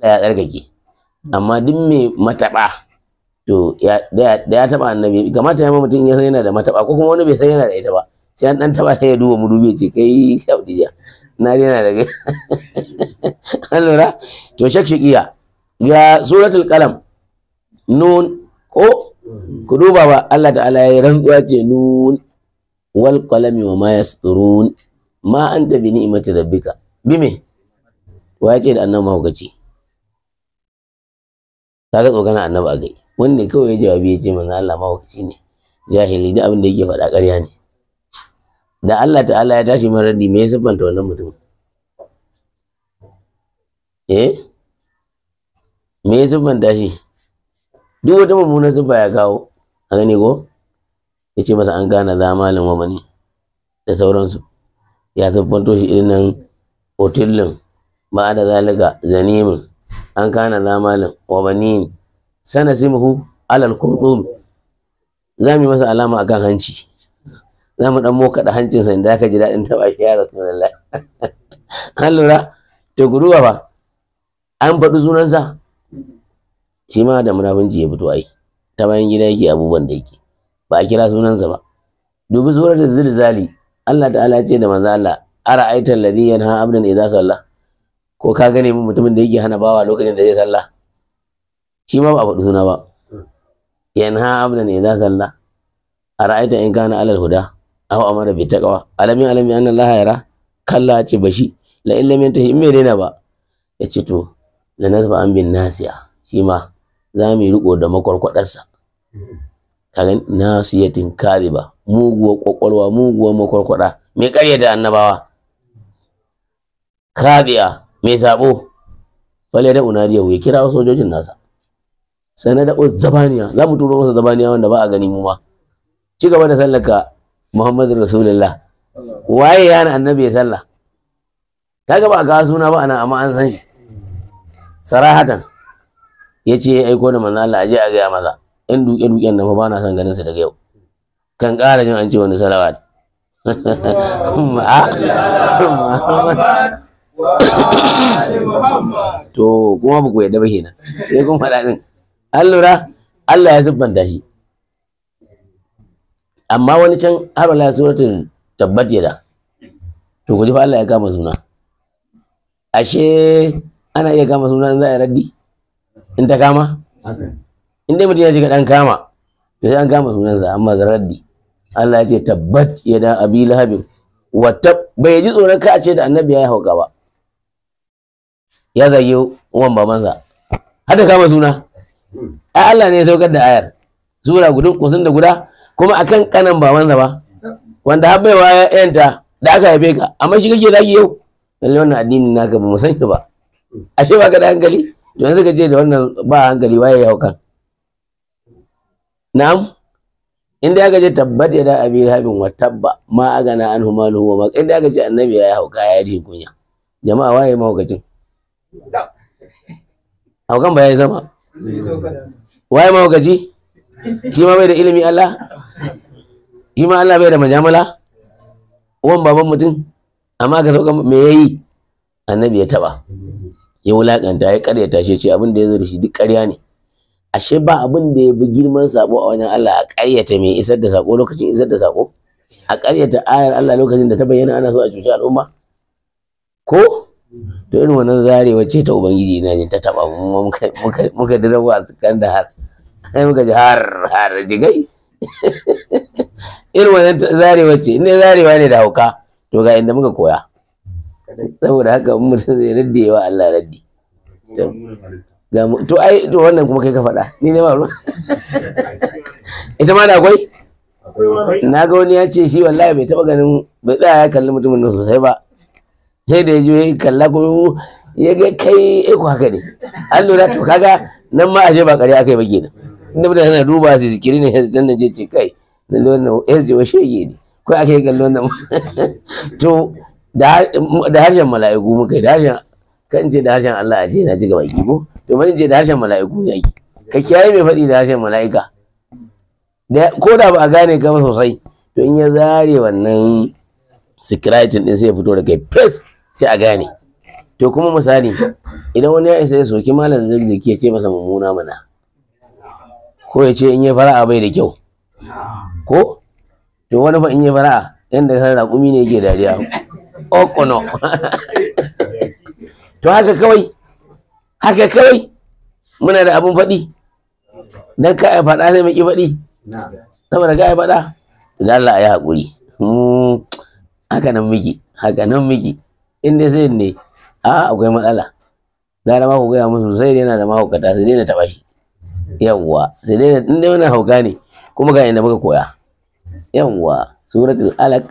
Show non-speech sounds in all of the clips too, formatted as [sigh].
Allah ya tsarkake amma duk mai mataba to da ya taba annabi kamata ya mutum ya san yana da mataba ko kuma wani bai san yana da ita ba sai an dan taba sai ya duba mu dube ce kai shaudiya na yana da kai [laughs] an to shakshikiya Ya suratul qalam nun ko ku duba ba Allah ta'ala ya rantsuwa ce nun wal qalami wa ma yasturun ma anta bi ni'mati rabbika bime wa ya ce da annabi mahaukaci kaga tsogana annabi a gai wanda kawai ya jawabi ya ce manzo Allah mawakaci ne jahili da abin da yake faɗa ƙarya ne da Allah ta'ala ya tashi mara raddi me ya siffanta wannan mutum eh me ya siffanta shi duk wata mummunar siffa ya kawo a gani ko ya ce masa an gane za malin wa mani da sauransu ya siffanto shi irin nan otillin ma da zalika zanimin an kana za malin wa banin sana simuhu alal kurdum za mu yi masa alama a kan hanci za mu dan moka da hancin sa inda ka ji dadin taɓa shi ya rasulullahi [laughs] an lura to guduwa ba an faɗi sunansa shi ma da munafunci ya fito ai ta bayan gida yake abubuwan da yake ba a kira sunansa ba dubi suratul zilzali Allah ta'ala ce da manzo Allah ara'aita alladhi yanha abdan idza salla ko ka gane min mutumin da yake hana bawa lokacin da zai sallah shi ma ba a faɗi suna ba yanha abdan idza salla ara'aita in kana alal huda aw amara bi taqwa alamin alamin anna allaha yara kalla ce bashi la illa ta yantahi me daina ba yace to la nazfa an bin nasiya shi ma za mu riko da makwarkwadarsa kaga nasiyatin kadiba muguwa kwakwalwa muguwa makwarkwada Me karya da annabawa kadiya mai sabo falle da unadiyahu ya kira sojojin nasa sai na da'o zabaniya za mu turo zabaniya wanda ba a gani mu ma ci gaba da sallaka muhammadu rasulullah waye ya na annabi ya sallah ta gaba a kawo suna ba ana amma an san sarahatan ya ce ya aiko da manzo Allah aje a gaya maza yan duke duken da ba na son ganin su daga yau kan kara jin an ce wani salawat [laughs] to kuma ba ku yadda ba kenan sai kun faɗa din an lura Allah ya siffanta shi amma wani can har wala suratul tabbat yada to ku ji fa Allah ya kama suna ashe ana iya kama suna za a raddi in ta kama in dai mutum ya shiga dan kama to sai an kama sunansa amma za raddi Allah ya ce tabbat yada abi lahabin wa tab bai ji tsoron ka a ce da annabi ya yi hauka ba ya zage uwan babansa har da kama suna ai Allah ne ya saukar da ayar sura gudun kusin da guda kuma akan kanan babansa ba wanda har baiwa ya yanta da aka haife ka amma shi kake zagi yau lalle wannan addinin naka ba mu san shi ba ashe ba ka da hankali to yanzu ka ce da wannan ba hankali waye ya hauka na'am inda aka ce tabbat ya da abin rahabin wa tabba ma agana an humalu wa ma inda aka ce annabi ya hauka ya yi kunya jama'a waye mahaukacin haukan ba ya zama waye ma gaji shi ma bai da ilimi Allah shi ma Allah bai da majamala uwan baban mutum amma ka sauka me yi? annabi ya taɓa, ya wulaƙanta, ya karyata shi ce abin da ya zo shi duk ƙarya ne ashe ba abin da ya bi girman sako a wajen Allah a ƙaryata mai isar da sako lokacin isar da sako a ƙaryata ayar Allah lokacin da ta bayyana ana so a cuci al'umma ko to irin wannan zarewa ce ta ubangiji na ta taba muka dirawa kan da har sai muka ji har har jigai [laughs] irin wannan zarewa ce inda zarewa ne da hauka to ga inda muka koya saboda haka mutum zai raddi yawa Allah raddi to ai to wannan kuma kai ka faɗa ni ne ma [laughs] ita ma da akwai na ga wani ya ce shi wallahi bai taba ganin bai tsaya ya kalli mutumin sosai ba sai da ya je kalla ko ya ga kai eko eh, haka ne an lura to kaga nan ma ashe ba kare akai ba kenan inda mutane yana duba su zikiri ne yanzu dan je ce kai na zo wannan yanzu wa shege ne ko akai kallo nan [laughs] to da harshen mala'iku muka yi da harshen kan ce da harshen Allah a ce na ji gaba ko to bari ce da harshen mala'iku ne ake ka kiyaye mai faɗi da harshen mala'ika ko da ba a gane ka sosai to in ya zare wannan sikiratin din sai ya fito da kai fes sai a gane to kuma misali idan wani ya isa ya soki malam zai ya ce masa mummuna mana ko ya ce in yi fara'a bai da kyau ko to wani fa in yi fara'a ya san raƙumi ne yake dariya [laughs] okono oh, [laughs] to haka kawai haka kawai muna da abin faɗi dan ka ya faɗa sai maki faɗi saboda ka ya faɗa da Allah ya haƙuri hmm, haka nan miki haka nan miki in dai zai ne a akwai matsala gara ma ku gaya musu zai yana da mahaukata sai daina taɓa shi yawwa sai dai in dai wani hauka ne kuma ga inda muka koya yawwa suratul alaq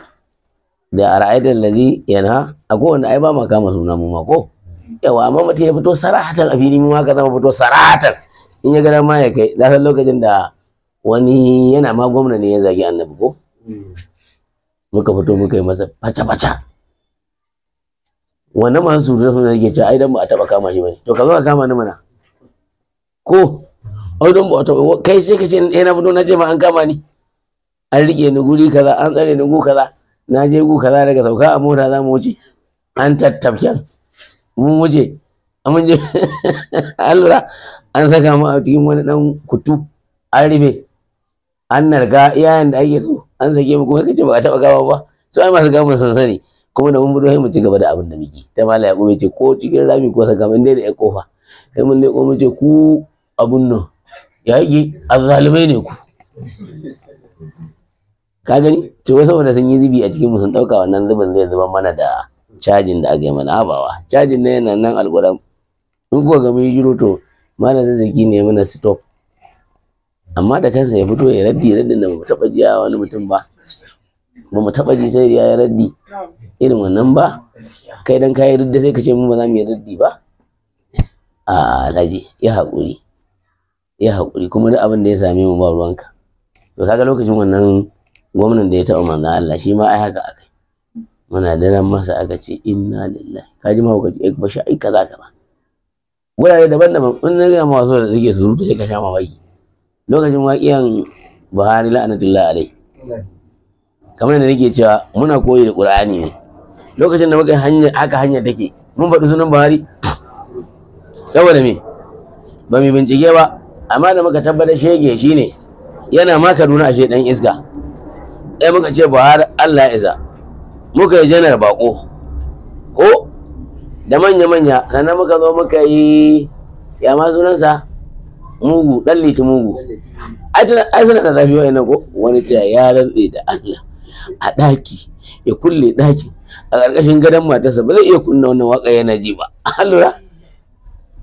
da ara'aita allazi yana akwai wanda ai ba ma suna mu ma ko amma mutum ya fito sarahatan a fili mu ka zama fito sarahatan in ya gada ma ya kai na san lokacin da wani yana ma gwamna ne ya zagi annabi ko hmm. muka fito muka yi masa faca-faca wannan masu su da yake cewa? idan ba a taba kama shi ba. to ka zo ka kama ni mana ko idan ba a taba kai sai ka ce eh na fito na ce ma an kama ni an rike ni guri kaza an tsare ni gu kaza na je gu kaza daga sauka a mota za mu wuce an tattabken mun wuce mun je [laughs] an lura an saka mu a cikin wani dan kutu an rufe an narga iyayen da ake so an sake mu kuma kace ba a taba kama ba so ai masu gawa sun sani kuma da mun budo sai mu ci gaba da abin da muke ta mala ya kuma ce ko cikin rami ko saka mun daina ya kofa sai mun leko mu ce ku abun nan ya yi azzalimai ne ku ka gani to wai saboda sun yi zubi a cikin mu sun dauka wannan zubin zai zuba mana da cajin da aka yi mana abawa cajin na yana nan alƙuran in kuwa ga yi jiro to malam zazzaki ne mana stop amma da kansa ya fito ya raddi raddin da ba mu taɓa jiya wani mutum ba ba mu taɓa ji sai ya raddi irin wannan ba kai dan kayi ridda sai ka ce mu ba za mu yi riddi ba a laji ya haƙuri ya haƙuri kuma duk abin da ya same mu ba ruwanka to kaga lokacin wannan gwamnan da ya taɓa manzan Allah shi ma ai haka akai muna daren masa aka ce inna lillahi ka ji mahaukaci eh, ba shi ai kaza kaza gurare daban-daban in na gaya masu da suke surutu sai ka sha mamaki lokacin waƙiyan Buhari la'anatullah alai kamar da nake cewa muna koyi da Qur'ani ne lokacin da muka hanya haka hanya take mun faɗi sunan buhari saboda me ba mu bincike ba amma da muka tabbatar shege shine yana ma kaduna ashe dan iska eh muka ce buhari allah ya isa muka yi janar bako ko da manya-manya sannan muka zo muka yi ya ma sunansa mugu dan liti mugu ai suna da zafi ina ko wani ce ya rantsi da allah a ɗaki ya kulle ɗakin a ƙarƙashin gadon matarsa ba zai iya kunna wannan waƙa yana ji ba a [laughs] lura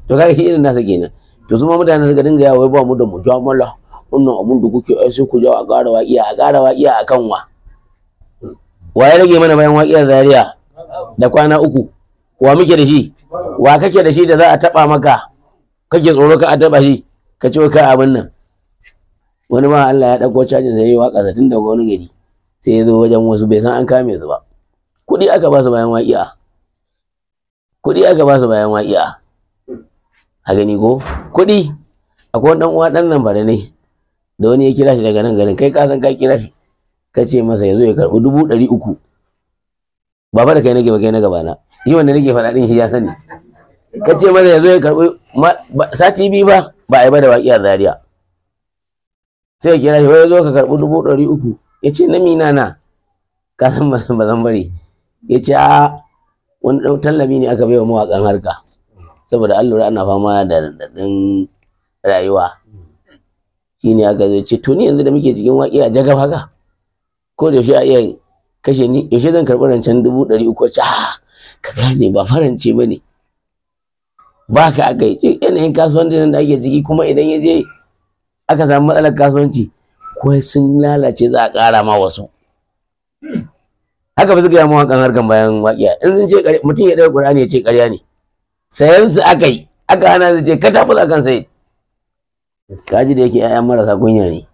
to kaga shi irin nasa kenan to su ma mutane suka dinga yawo ba mu da mu mujamala wannan abun da kuke ai sai ku jawo a ƙara waƙiya a ƙara waƙiya a kan wa wa ya rage mana bayan waƙiyar zaria da kwana uku wa muke da shi wa kake da shi da za a taɓa maka kake tsoro ka a taɓa shi ka ce ka abin nan wani ma Allah ya ɗauko cajin sai ya yi waƙa tun daga wani gari sai ya zo wajen wasu bai san an kame su ba kuɗi aka ba su bayan waƙiya kuɗi aka ba su bayan waƙiya a gani ko kuɗi akwai ɗan uwa ɗan zamfara ne da wani ya kira shi daga nan garin kai ka san ka kira shi ka ce masa ya zo ya karɓi dubu ɗari uku ba fa da kai nake ba kai na gaba na shi wanda nake faɗa ɗin shi ya sani ka ce masa ya zo ya karɓi sati biyu ba ba a yi ba da waƙiya zaria sai ya kira shi wai ya zo ka karɓi dubu ɗari uku ya ce na mina na ka san ba zan bari ya ce a ah, wani ɗan tallami ne aka bai wa mawaƙan harka saboda an ana fama da daɗin rayuwa shi ne aka zai ce tuni yanzu da muke cikin waƙi a jagab haka ko da yaushe a iya kashe ni yaushe zan karɓi rancen dubu ɗari uku ce ah, ka gane ba farance ba ne ba ka aka yi ce yanayin nan da ake ciki kuma idan ya je aka samu matsalar kasuwanci ko sun lalace za a ƙara ma wasu haka ba su gaya mawaƙan harkan bayan waƙiya in sun ce mutum ya ɗaga ƙur'ani ya ce ƙarya ne sayan su aka yi aka hana su ce ka tafi kan sai kaji da yake ƴaƴan marasa kunya ne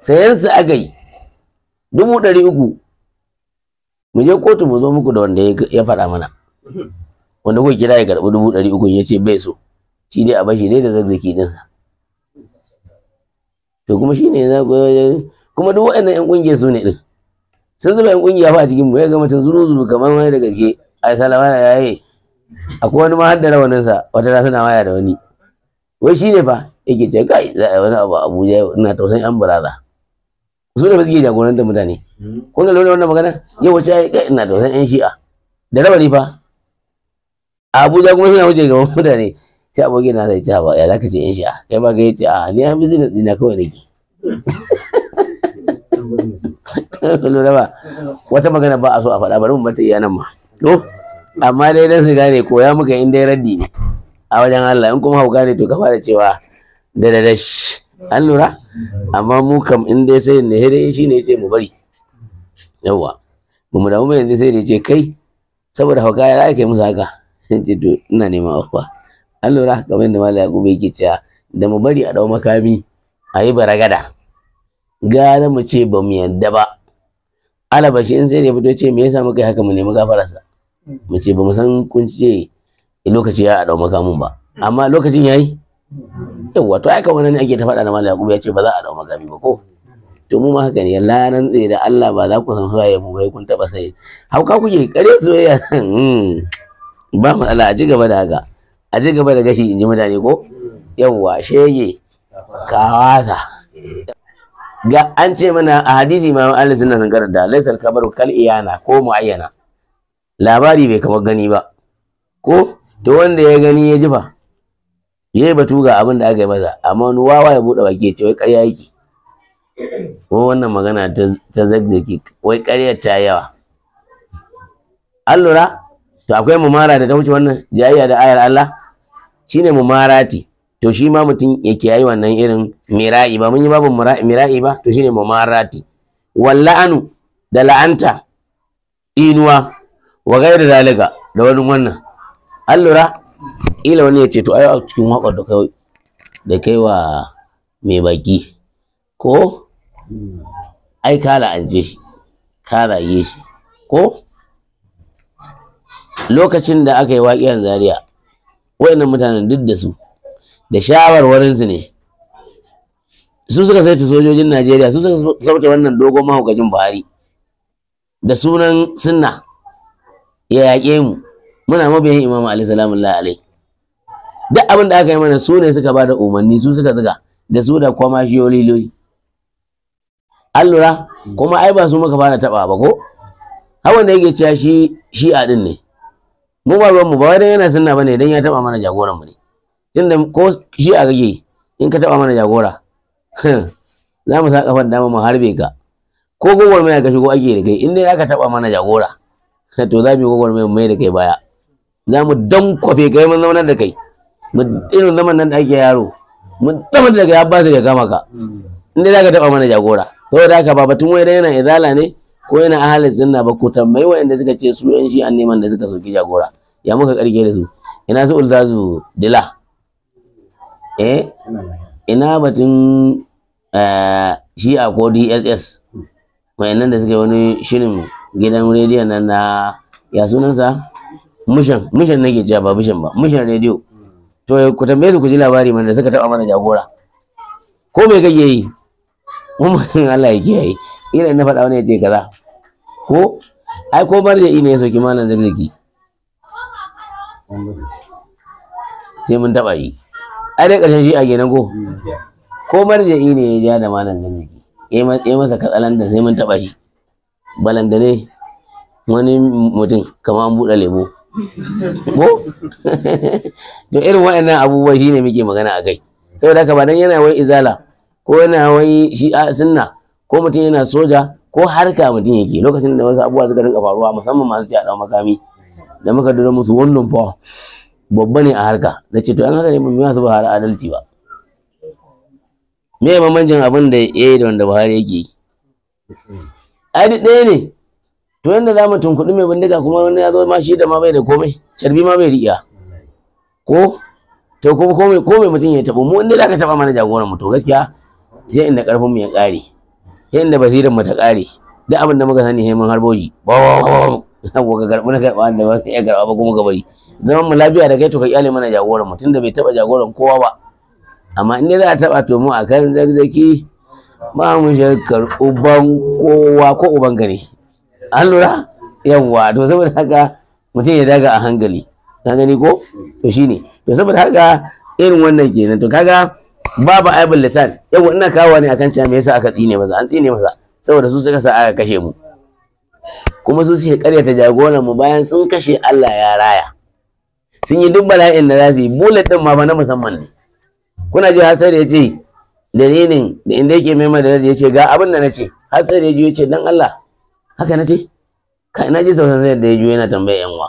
sayan su aka yi dubu ɗari uku mu je kotu mu zo muku da wanda ya faɗa mana wanda kuka kira ya karɓi dubu ɗari uku ya ce bai so shi dai a bashi dai da zazzaki ɗinsa to kuma shi ne kuma duk waɗannan 'yan ƙungiyar su ne ɗin sun zuba yan kungiya fa a cikin mu ya ga mutum zuru zuru kamar wani da gaske ai salama da yaye akwai wani ma haddara wannan sa wata na suna waya da wani wai shine fa yake ce kai za a wani abu Abuja ina tausayin yan buraza su ne ba suke jagorantar mutane kun ga lura wannan magana yau wace ai kai ina tausayin yan shi'a da ni fa A Abuja kuma suna wuce gaban mutane sai abokin na sai ci ba ya zaka ce yan shi'a kai ba ga yace a ni an business dina kawai nake [laughs] lura ba wata magana ba a so a faɗa bari mu bata iya nan ma to amma dai dan siga ne koya muka in dai raddi ne a wajen Allah in kuma hauka ne to ka fara cewa da da dash an lura amma mu kam in dai sai ne hire shi ne ce mu bari yawa ba mu damu yanzu sai da ce kai saboda hauka ya ake musu haka in ce to ina neman afuwa an lura kamar yadda malam yakubu yake cewa da mu bari a dau makami a yi baragada gara mu ce ba mu yadda ba shi in sai da ya fito ce me yasa muka yi haka mu nemi gafararsa mu ce ba mu san kun ce lokaci ya dau maka mun ba amma lokacin yayi yawa to aika wani ne ake ta faɗa na malam yakubu ya ce ba za a dau maka ba ko to mu ma haka ne yalla nan tsaye da Allah ba za ku san soyayya mu bai kun taba sai hauka kuke kare soyayya hmm. ba matsala a ji gaba da haka a ji gaba da gashi in ji mutane ko yawa shege kawasa ga an ce mana a hadisi ma Allah sunna san karanta laysal kabaru kal iyana ko muayyana labari bai kamar gani ba ko to wanda ya gani ya ji ya yayi batu ga abin da aka yi maza amma wani wawa ya bude baki ya ce wai ƙarya yake ko wannan magana ta zagzaki wai ƙarya ta yawa Allura to akwai mumara da ta wuce wannan jayayya da ayar Allah shine mumarati to shi ma mutum ya kiyayi wannan irin mira'i ba mun yi babu mira'i ba to shine mumarati anu da la'anta inuwa wa gairu zalika da wani wannan allura ila wani ya ce to ayo a cikin waƙar da kai da kai wa mai baki ko ai ka la'ance shi ka zage shi ko lokacin da aka yi waƙiyar zaria wayannan mutanen duk da su da shawarwarinsu ne su suka saita sojojin Najeriya su suka sauta wannan dogon mahaukacin Buhari da sunan sunna ya yaƙe mu muna mabiyan imamu Ali salamun la'alai duk abin da aka yi mana su ne suka ba da umarni su suka zuga da su da kwama shiyoliloli an lura kuma ai ba su muka fara taɓa ba ko hawan da yake cewa shi shi'a din ne mu ba ruwan mu ba wai dan yana sunna bane dan ya taɓa mana jagoran mu ne tunda ko shi a kake in ka taba mana jagora [laughs] za mu sa kafan dama mu harbe ka ko gwagwarmaya ka shigo ake da kai in dai aka taba mana jagora [laughs] to za mu yi mai mai da kai baya za mu kofe kai mun zaunar da kai mu irin zaman nan da ake yaro mu zama da kai Abbas ya kama ka in dai zaka taba mana jagora da haka ba tun wai yana izala ne ko yana ahalin sunna ba ko tambayi waɗanda suka ce su yan shi an neman da suka soki jagora ya muka karke da su ina su ulzazu dila eh ina batun eh, shi a ko dss hmm. wayannan da suka wani shirin gidan rediyon nan na ya sunansa mushan mushan nake cewa ba mushan ba mushan rediyo hmm. to ku tambaye su ku ji labari mana da suka taba mana jagora ko me kake yi mun Allah ya kiyaye ina na faɗa wani ya ce kaza ko ai ko da ina ya sauki malam zakzaki sai mun taba yi ai dai ƙarshen shi a gina go ko marja'i ne ya ja da malam zanjaki ya masa katsalan da sai mun taɓa shi ne wani mutum kama an buɗe lebo [laughs] ko [laughs] to irin waɗannan abubuwa shi ne muke magana a kai saboda haka ba dan yana wai izala ko yana wai shi'a sunna ko mutum yana soja ko harka mutum yake lokacin da wasu abubuwa suka rinka faruwa musamman masu ci a ɗau makami da muka dora musu wannan fa babba ne a harka na ce to an haka ne mu yasa ba har adalci ba me ya mamancin abin da ya yi da wanda Buhari yake yi ai duk ɗaya ne to yanda za mu tunkuɗi mai bindiga kuma wani ya zo ma shi da ma bai da komai carbi ma bai riya ko to kuma komai komai mutum ya taɓa mu inda za ka taɓa mana jagoran mu to gaskiya sai inda ƙarfin mu ya ƙare sai inda basiran mu ta ƙare duk abin da muka sani sai mun harboji ba ba ba ba ga garɓi na garɓa da ba ya garɓa ba kuma gabari zaman mu lafiya da kai to ka kyale mana jagoran mu tunda bai taba jagoran kowa ba amma in dai za a taba to mu akan zagzaki ba mu shakar uban kowa ko uban gari an lura yawwa to saboda haka mutum ya daga a hankali ka gani ko to shine to saboda haka irin wannan kenan to kaga babu aibul lisan yawa ina kawo ne akan cewa me yasa aka tsine masa an tsine masa saboda su suka sa aka kashe mu kuma su suke karyata jagoran mu bayan sun kashe Allah ya raya sun yi duk bala'in da za su yi bullet din ma ba na musamman ne kuna ji hasar ya ce dalilin da inda yake mai madara ya ce ga abin da na ce hasar ya ji ya ce dan Allah haka na ce kai na ji sausan sai da ya ji yana tambayar yan uwa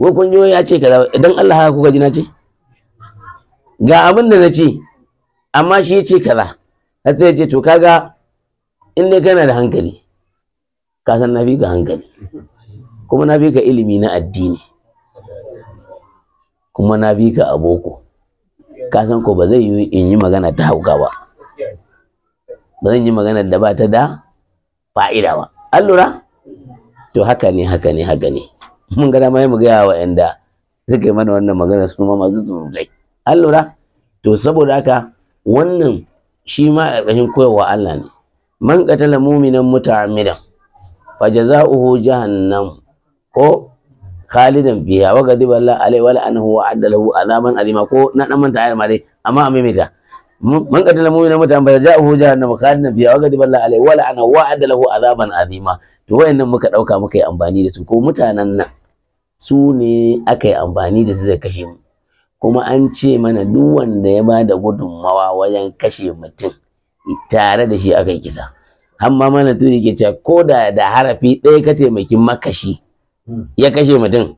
ko kun ji ya ce kaza dan Allah haka kuka ji na ce ga abin da na ce amma shi ya ce kaza hasar ya ce to kaga in dai kana da hankali ka san na fi ka hankali kuma na fi ka ilimi na addini kuma na bi ka a boko ka san ko ba zai yi in yi magana ta hauka ba ba zan yi magana da ba ta da fa'ida ba an lura to haka ne haka ne haka ne mun ga da mu magana wa yanda suka yi mana wannan magana su ma masu surutai an lura to saboda haka wannan shi ma a ƙarshen koyarwa Allah ne man qatala mu'minan muta'ammidan fa jazaohu jahannam ko khalidan biha wa gadiba Allah alai wala la'anahu wa adalahu azaman azima ko na dan manta ayar mare dai amma a maimaita man qatala mu'mina mutan fa ja'ahu jahannam khalidan biha wa gadiba Allah alai wala la'anahu wa adalahu azaman azima to wayannan muka dauka muka yi amfani da su ko mutanen nan su ne aka yi amfani da su zai kashe mu kuma an ce mana duk wanda ya bada gudunmawa wajen kashe mutum tare da shi aka yi kisa amma mana tuni ke cewa ko da da harafi ɗaya ka taimaki makashi ya kashe mutum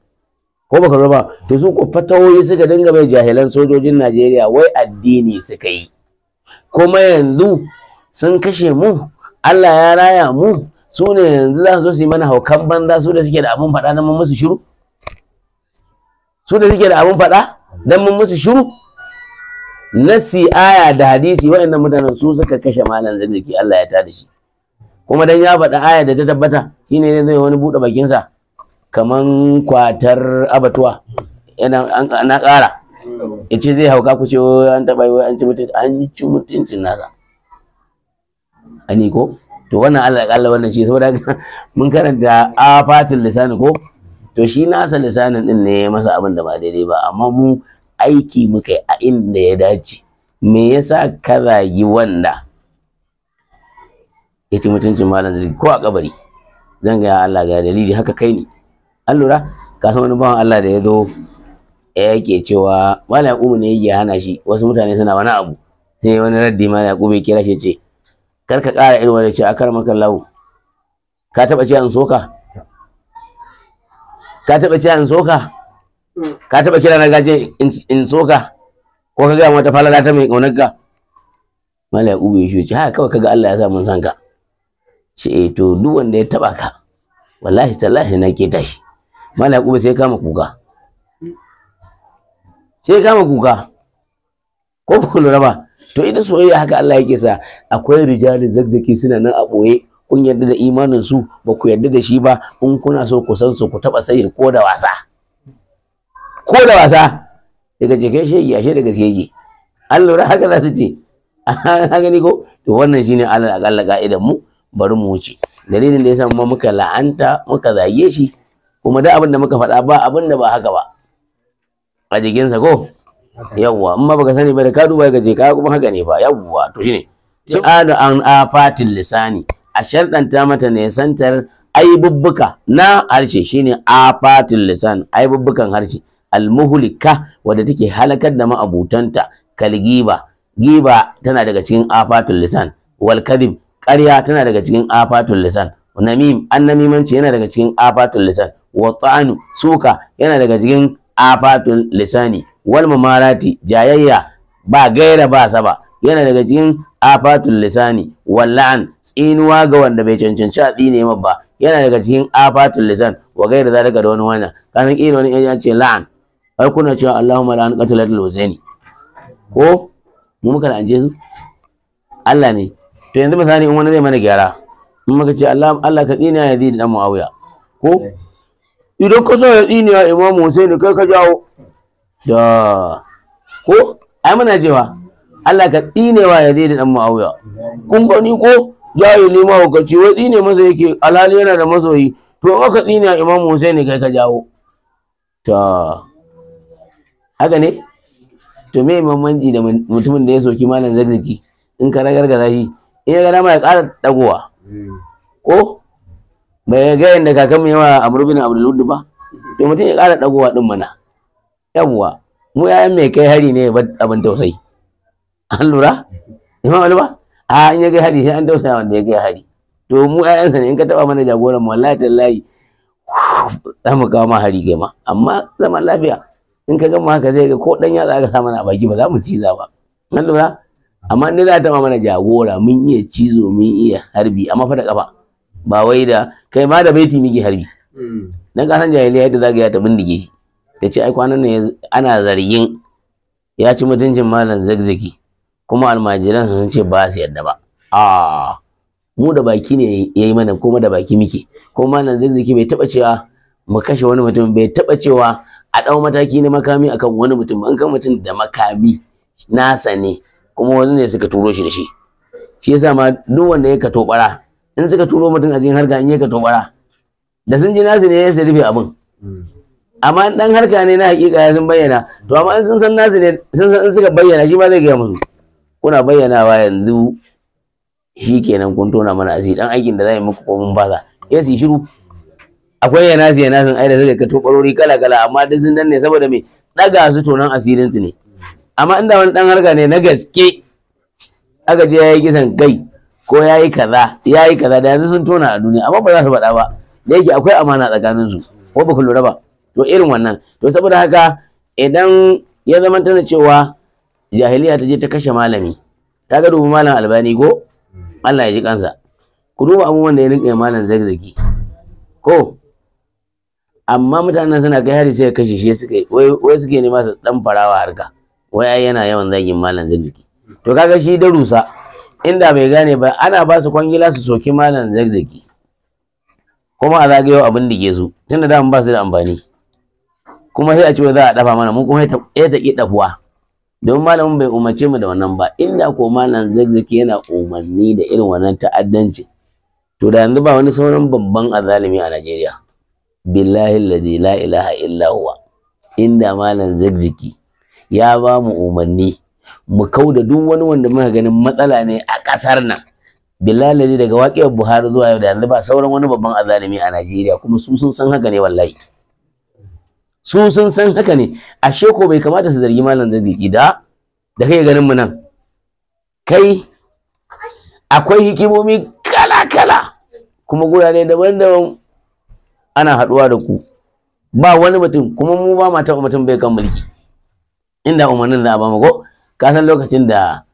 ko baka ba to su ko fatawoyi suka dinga bai jahilan sojojin Najeriya wai addini suka yi kuma yanzu sun kashe mu Allah ya raya mu su ne yanzu za su zo su yi mana haukan banza su da suke da abun faɗa don mun musu shiru su da suke da abun faɗa don mun musu shiru nasi aya da hadisi waɗannan mutanen su suka kashe malam zazzaki Allah ya tada shi kuma dan ya faɗa aya da ta tabbata shine zai wani buɗe bakinsa kaman kwatar abatuwa yana na ƙara ya ce zai hauka ku ce oh, an taɓa yi an ci mutunci an ci mutuncin nasa ani ko to wannan Allah ƙalla wannan shi saboda [laughs] mun karanta a fatin lisanin ko to shi nasa lisanin din ne masa abin da ba daidai ba amma mu aiki muka yi a inda ya dace me yasa ka zagi wanda ya ci mutuncin malam zai ko a kabari zan ga Allah ga dalili haka kai ne an lura ka san wani bawan Allah da ya zo ya yake cewa malam yaqubu ne yake hana shi wasu mutane suna wani abu sai wani raddi malam yaqubu ya kira shi ce kar ka ƙara irin wani ce akar maka lawo ka taɓa ce an soka ka taɓa ce an soka ka taɓa kira na gaje in soka ko ka gaya mata falala ta mai ƙaunar ka malam yaqubu ya shi ce haka kawai kaga Allah ya sa mun san ka ce eh to duk wanda ya taɓa ka wallahi tallahi na ke tashi mala yakubu sai kama kuka sai kama kuka ko ba lura ba to ita soyayya haka Allah yake sa akwai rijali zagzaki suna nan a boye kun yarda da imanin su ba ku yarda da shi ba in kuna so ku san su ku taba sayar ko da wasa ko da wasa daga jikin shege ashe da gaske yake an lura haka za ta ce an gani ko to wannan shine alal akalla kaidar mu bari mu wuce dalilin da yasa mu muka la'anta muka zage shi kuma da abin da muka faɗa ba abin da ba haka ba a jikinsa ko yawwa amma baka sani ba da ka duba gaje je ka kuma haka ne ba yawwa to shine adu an afatil lisani a sharɗanta mata ne santar aibubbuka na harshe shine afatil lisan aibubbukan harshe almuhlika wanda take halakar da ma'abutanta kalgiba giba tana daga cikin afatul lisan wal kadhib ƙarya tana daga cikin afatul lisan namim annamimanci yana daga cikin afatul lisan wa suka yana daga cikin afatul lisani wal mamarati jayayya ba gaira ba saba yana daga cikin afatul lisani la'an, tsinuwa ga wanda bai cancanci a tsine ma ba yana daga cikin afatul lisan wa gaira daga da wani wannan kasan kila wani ya ce la'an har kuna cewa Allahumma la'an qatalatul wazani ko mu muka la'ance su Allah ne to yanzu misali in wani zai mana gyara in muka ce Allah Allah ka tsina yazid dan muawiya ko idan ka sa ya ya imamu husaini kai ka jawo da ko ai muna cewa Allah ka tsinewa ya zai da dan ma'auya kun gani ko jahili ma hukaci wai tsine masa yake alhali yana da masoyi to tsini ya imamu husaini kai ka jawo ta haka ne to me mamanci da mutumin da ya soki malam zagzaki in ka ragargaza shi in ya ga dama ya ƙara dagowa hmm. ko bai ga yadda kakanmu yawa amru bin abdul wuddu ba to mutum ya ƙara ɗagowa ɗin mana yawwa mu yayan mai kai hari ne abin tausayi an lura imam wani ba a an ya kai hari sai an tausaya wanda ya kai hari to mu yansa ne in ka taɓa mana jagoran mu wallahi tallahi za mu kawo ma hari kai ma amma zaman lafiya in ka gama haka zai ga ko dan yatsa aka sa mana a baki ba za mu ciza ba an lura amma ne za ta mana jagora mun iya cizo mun iya harbi amma fa da kafa ba wai da kai ma da baiti miki harbi hmm. dan kasan jahiliya yadda zaka ya ta bindige shi ta ce ai kwanan nan ana zargin ya ci mutuncin malam zagzagi kuma almajiran sun ce ba su yadda ba a mu da baki ne yayi mana kuma da baki muke kuma malam zagzagi bai taba cewa mu kashe wani mutum bai taba cewa a dau mataki na makami akan wani mutum an kan mutum da makami nasa ne kuma wani ne suka turo shi da shi shi yasa ma duk wanda ya kato bara in suka turo mutum a cikin harka in yi ka tobara da sun ji nasu ne ya sai rufe abin amma in dan harka ne na hakika ya sun bayyana to amma in sun san nasu ne sun san in suka bayyana shi ma zai gaya musu kuna bayyanawa yanzu shi kenan kun tona mana asiri dan aikin da za yi muku komin baza ya su shiru akwai yana su yana sun aida suka ka tobarori kala kala amma duk sun danne saboda me daga su tonan asirin su ne amma inda wani dan harka ne na gaske aka je yi kisan kai ko ya yi kaza ya yi kaza da yanzu sun tona a duniya amma ba za su faɗa ba da yake akwai amana tsakanin su ko ba ku lura ba to irin wannan to saboda haka idan ya zama tana cewa jahiliya ta je ta kashe malami ta ga dubu malam albani ko Allah ya ji kansa ku duba abubuwan da ya rinka malam zagzagi ko amma mutanen suna kai hari sai kashe shi suka wai suke nema su dan farawa harka wai yana yawan zagin malam zagzagi to kaga shi darusa inda bai gane ba ana ba su kwangila su soki malam zagzagi kuma a zagayo abin da ke su tunda da ba su da amfani kuma sai a ce za a dafa mana mu kuma ya ta ki dafuwa don malamin bai umarce mu da wannan ba inda ko malam zagzagi yana umarni da irin wannan ta'addanci to da yanzu ba wani sauran babban azalimi a Najeriya billahi ladhi la ilaha illa huwa inda malam zagzagi ya ba mu umarni mu kau da duk wani wanda muka ganin matsala ne a ƙasar nan ne daga waƙiyar buhari zuwa yau da yanzu ba sauran wani babban azalimi a najeriya kuma su sun san haka ne wallahi su sun san haka ne ashe ko bai kamata su zargi malam zazzaki da da kai ganin mu nan kai akwai hikimomi kala kala kuma gurare daban-daban ana haɗuwa da ku ba wani mutum kuma mu ba mata mutum bai kan mulki inda umarnin za a ba mu go ka san lokacin da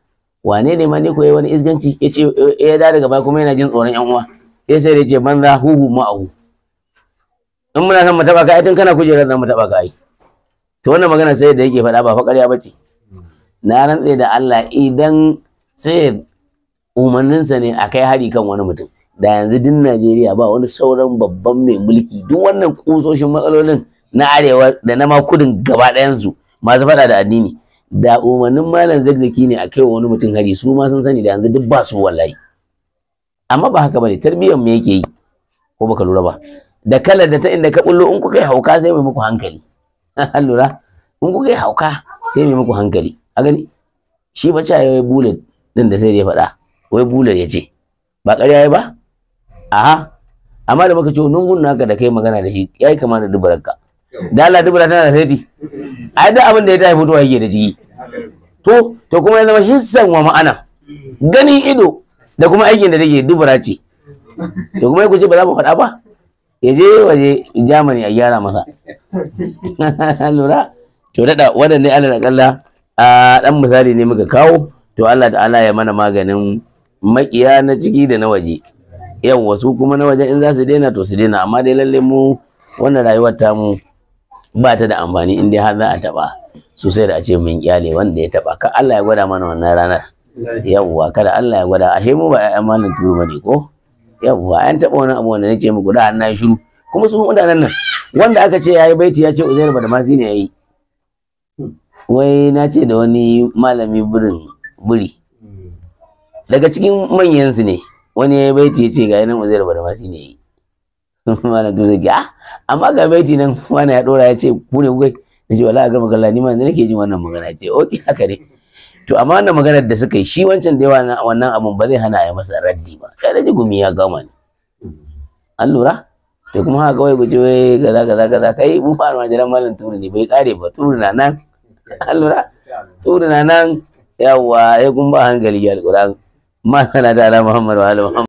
wane ne ma ni koyi wani isganci ya ce ya da daga baya kuma yana jin tsoron yan uwa ya sai da ce banza huhu ma'ahu in muna son mu taba ka tun kana kujera zan mu taba ka ai to wannan magana sai da yake faɗa ba fa ƙarya bace na rantse da Allah idan sai umarninsa ne a kai hari kan wani mutum da yanzu din Najeriya ba wani sauran babban mai mulki duk wannan kusoshin matsalolin na arewa da na ma kudin gaba ɗayansu masu faɗa da addini da umarnin malam zagzaki ne a kai wani mutum hari su ma sun sani da yanzu duk ba su wallahi amma ba haka bane tarbiyyar me yake yi ko baka lura ba da kala da ta inda ka bullo in kuka yi hauka sai mai muku hankali [laughs] an lura in kuka yi hauka sai mai muku hankali a gani shi ba ya wai bullet din da sai da ya faɗa wai bullet ya ce ba ƙarya ya ba aha amma da baka ce nungun naka da kai magana da shi yayi kama da dubaranka da Allah dubura tana da saiti ai duk abin da ya tafi fitowa yake da ciki to to kuma ya zama hissan wa ma'ana ganin ido da kuma aikin da take dubura ce to kuma ku ce ba za mu faɗa ba ya je waje Germany a gyara masa [laughs] lura to dada waɗanne Allah da kalla a dan misali ne muka kawo to Allah ta'ala ya mana maganin makiya na ciki da na waje yawa su kuma na wajen in za su daina to su daina amma dai lalle mu wannan rayuwar tamu ba ta da amfani in dai har za a taɓa sosai da a ce mun kyale wanda ya taɓa ka Allah ya gwada mana wannan ranar yawwa kada Allah ya gwada ashe mu ba ƴaƴan malam turu bane ko yawwa an taɓa wani abu wanda nake muku da har na shiru kuma su mun nan wanda aka ce yayi baiti ya ce Uzair Badamasi ne yayi wai na ce da wani malami birin buri daga cikin manyansu ne wani ya yi baiti ya ce ga yanan Uzair Badamasi ne yayi [laughs] malam turu ga amma ga baiti nan [laughs] wani ya dora ya ce ku ne kukai na ce wallahi ga magana ni ma yanzu nake jin wannan magana ce ok haka ne to amma wannan maganar da suka yi shi wancan da yawa wannan abun ba zai hana a yi masa raddi ba kai da gumi ya gama ne an lura to kuma haka kawai guje wai gaza gaza gaza kai mu ma almajiran malam turu ne bai kare ba turu na nan [laughs] an lura turu na nan yawa ya gumba ba hankali ya alquran ma sana da ala muhammad wa ala